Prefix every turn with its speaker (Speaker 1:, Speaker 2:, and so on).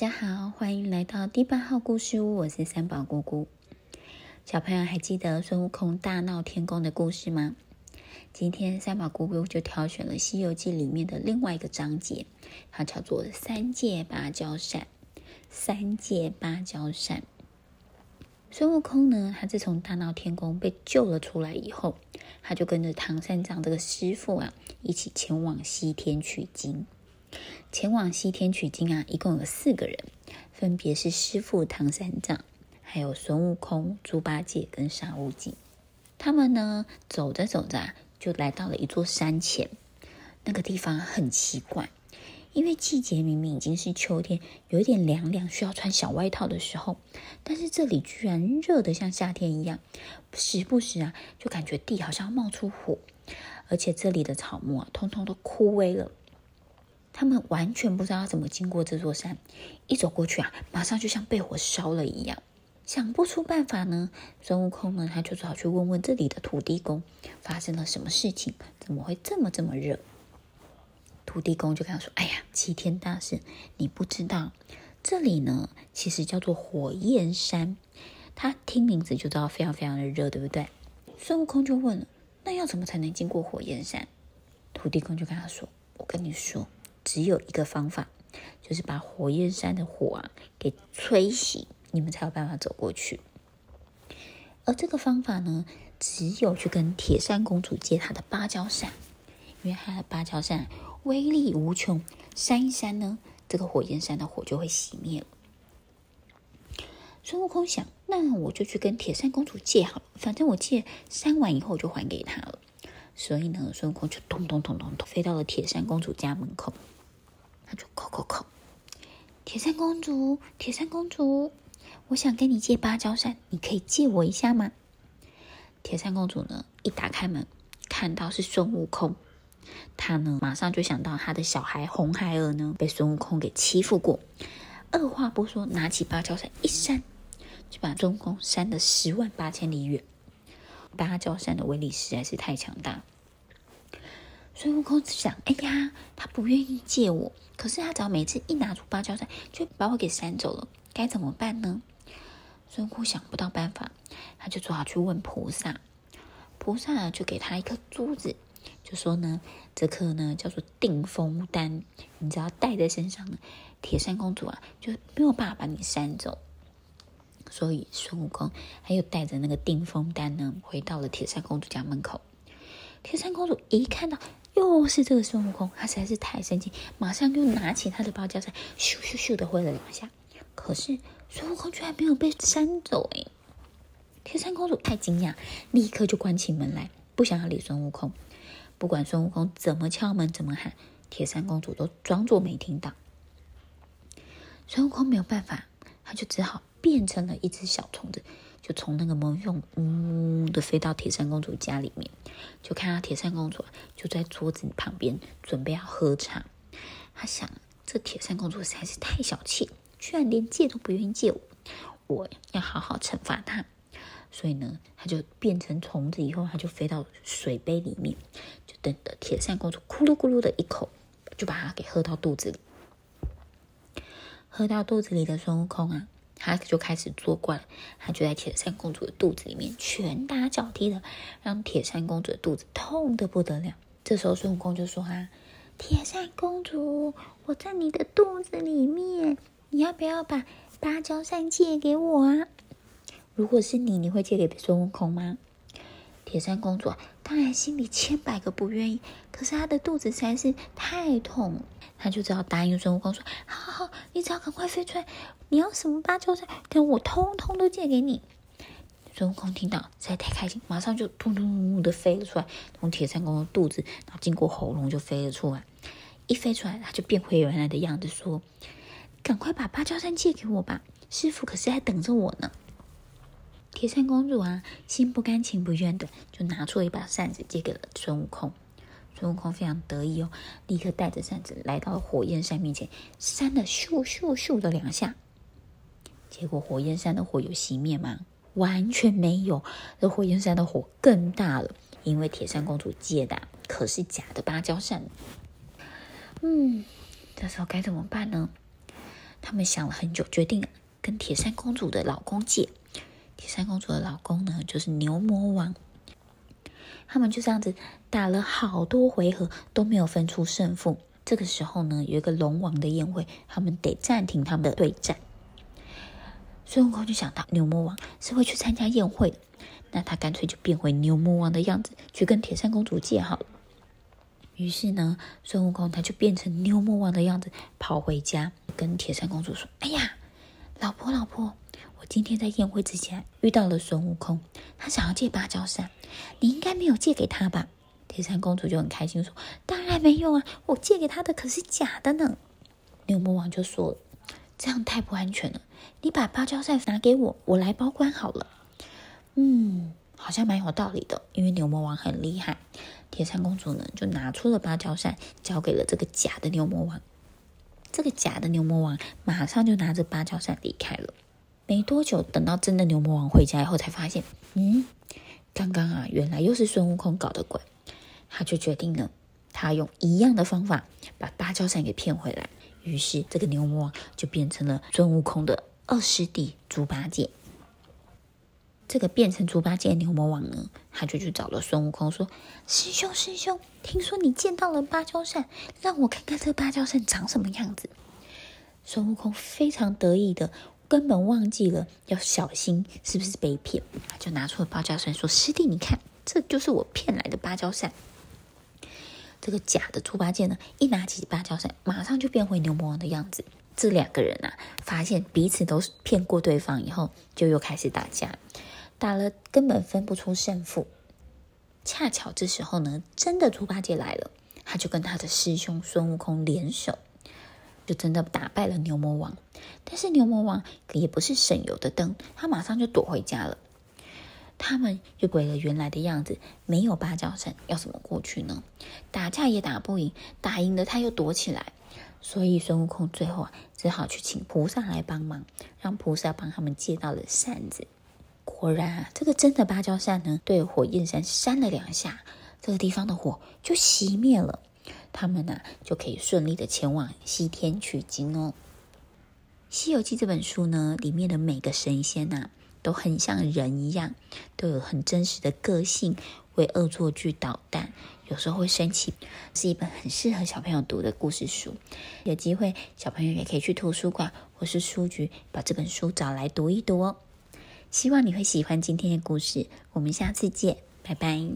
Speaker 1: 大家好，歡迎來到第八號故事屋，我是三寶菇菇。小朋友還記得孫悟空大鬧天宮的故事嗎？今天三寶菇菇就挑選了《西遊記》裡面的另外一個章節，它叫做《三借芭蕉扇》。三借芭蕉扇，孫悟空呢，他自從大鬧天宮被救了出來以後，他就跟着唐三藏這個師父啊，一起前往西天取經。前往西天取經啊，一共有四個人，分別是師傅唐三藏，還有孫悟空、豬八戒跟沙悟淨。他們呢走着走着啊，就來到了一座山前。那個地方很奇怪，因為季節明明已經是秋天，有一點涼涼，需要穿小外套的時候，但是這裡居然熱得像夏天一樣，時不時啊就感覺地好像冒出火，而且這裡的草木啊通通都枯萎了。他們完全不知道要怎麼經過這座山，一走過去啊，馬上就像被火燒了一樣，想不出辦法呢。孫悟空呢，他就只好去問問這裡的土地公，發生了什麼事情，怎麼會這麼這麼熱？土地公就跟他說：“哎呀，齊天大聖，你不知道，這裡呢其實叫做火焰山，他聽名字就知道非常非常的熱，對不對？”孫悟空就問了：“那要怎麼才能經過火焰山？”土地公就跟他說：“我跟你說。”只有一個方法，就是把火焰山的火啊給吹熄，你們才有辦法走過去。而這個方法呢，只有去跟鐵扇公主借她的芭蕉扇，因為她的芭蕉扇威力無窮，扇一扇呢，這個火焰山的火就會熄滅了。孫悟空想，那我就去跟鐵扇公主借好了，反正我借，扇完以後就還給她了。所以呢，孫悟空就咚咚咚咚咚飛到了鐵扇公主家門口，他就扣扣扣：“鐵扇公主，鐵扇公主，我想跟你借芭蕉扇，你可以借我一下嗎？”鐵扇公主呢，一打開門，看到是孫悟空，她呢，馬上就想到他的小孩紅孩兒呢被孫悟空給欺負過，二話不說，拿起芭蕉扇一扇，就把孫悟空扇的十萬八千里遠。芭蕉扇的威力實在是太強大，所以悟空只想：哎呀，他不願意借我，可是他只要每一次一拿出芭蕉扇，就把我給扇走了，該怎麼辦呢？孫悟空想不到辦法，他就只好去問菩薩。菩薩就給他一顆珠子，就說呢：這顆呢叫做定風丹，你只要戴在身上，鐵扇公主啊，就沒有辦法把你扇走。所以孫悟空他又帶着那個定風丹呢，回到了鐵扇公主家門口。鐵扇公主一看到又是這個孫悟空，她實在是太生氣，馬上又拿起他的芭蕉扇，咻咻咻的揮了兩下。可是孫悟空居然沒有被扇走誒、哎。鐵扇公主太驚訝，立刻就關起門來，不想要理孫悟空。不管孫悟空怎麼敲門，怎麼喊，鐵扇公主都裝作沒聽到。孫悟空沒有辦法，他就只好。變成了一隻小蟲子，就從那個門縫嗡嗡嗡的飛到鐵扇公主家裡面，就看到鐵扇公主就在桌子旁邊準備要喝茶。他想，這鐵扇公主實在是太小氣，居然連借都不願意借我。我要好好懲罰她。所以呢，他就變成蟲子以後，他就飛到水杯裡面，就等着鐵扇公主咕嚕咕嚕的一口，就把它給喝到肚子裡。喝到肚子裡的孫悟空啊！他就開始作怪了，他就在鐵扇公主的肚子裡面拳打腳踢的，讓鐵扇公主的肚子痛得不得了。這時候孫悟空就說他：“啊，鐵扇公主，我在你的肚子裡面，你要不要把芭蕉扇借給我啊？如果是你，你會借給孫悟空嗎？”鐵扇公主啊，當然心裡千百個不願意，可是她的肚子實在是太痛，她就只好答應孫悟空說：“好好好，你只要趕快飛出來，你要什麼芭蕉扇，等我通通都借給你。”孫悟空聽到實在太開心，馬上就突突突的飛了出來，從鐵扇公主肚子，然後經過喉嚨就飛了出來。一飛出來，他就變回原來的樣子，說：“趕快把芭蕉扇借給我吧，師傅可是還等着我呢。”鐵扇公主啊，心不甘情不願的就拿出一把扇子借給了孫悟空。孫悟空非常得意哦，立刻帶着扇子來到火焰山面前，扇了咻咻咻的兩下，結果火焰山的火有熄滅嗎？完全沒有，這火焰山的火更大了。因為鐵扇公主借的啊，可是假的芭蕉扇。嗯，這時候該怎麼辦呢？他們想了很久，決定跟鐵扇公主的老公借。鐵扇公主的老公呢，就是牛魔王。他們就這樣子打了好多回合，都沒有分出勝負。這個時候呢，有一個龍王的宴會，他們得暫停他們的對戰。孫悟空就想到牛魔王是會去參加宴會的，那他乾脆就變回牛魔王的樣子，去跟鐵扇公主借好了。於是呢，孫悟空他就變成牛魔王的樣子，跑回家跟鐵扇公主說：“哎呀，老婆，老婆。”我今天在宴會之前遇到了孫悟空，他想要借芭蕉扇，你應該沒有借給他吧？鐵扇公主就很開心說：“當然沒有啊，我借給他的可是假的呢。”牛魔王就說：“這樣太不安全了，你把芭蕉扇拿給我，我來保管好了。”嗯，好像蠻有道理的，因為牛魔王很厲害。鐵扇公主呢，就拿出了芭蕉扇，交給了這個假的牛魔王。這個假的牛魔王馬上就拿着芭蕉扇離開了。沒多久，等到真的牛魔王回家以後，才發現，嗯，剛剛啊，原來又是孫悟空搞的鬼。他就決定了，他用一樣的方法把芭蕉扇給騙回來。於是，這個牛魔王就變成了孫悟空的二師弟豬八戒。這個變成豬八戒的牛魔王呢，他就去找了孫悟空，說：“師兄，師兄，聽說你見到了芭蕉扇，讓我看看這芭蕉扇長什麼樣子。”孫悟空非常得意的。根本忘記了要小心是不是被騙，他就拿出了芭蕉扇說：“師弟，你看，這就是我騙來的芭蕉扇。”這個假的豬八戒呢，一拿起芭蕉扇，馬上就變回牛魔王的樣子。這兩個人啊，發現彼此都是騙過對方以後，就又開始打架，打了根本分不出勝負。恰巧這時候呢，真的豬八戒來了，他就跟他的師兄孫悟空聯手。就真的打敗了牛魔王，但是牛魔王也不是省油的燈，他馬上就躲回家了。他們又回了原來的樣子，沒有芭蕉扇，要怎麼過去呢？打架也打不贏，打贏了他又躲起來，所以孫悟空最後啊，只好去請菩薩來幫忙，讓菩薩幫他們借到了扇子。果然啊，這個真的芭蕉扇呢，對火焰山扇了兩下，這個地方的火就熄滅了。他們呢、啊，就可以順利地前往西天取經哦。《西遊記》這本書呢，裡面的每個神仙吶、啊，都很像人一樣，都有很真實的個性，會惡作劇搗蛋，有時候會生氣，是一本很適合小朋友讀的故事書。有機會，小朋友也可以去圖書館或是書局，把這本書找來讀一讀哦。希望你會喜歡今天的故事，我們下次見，拜拜。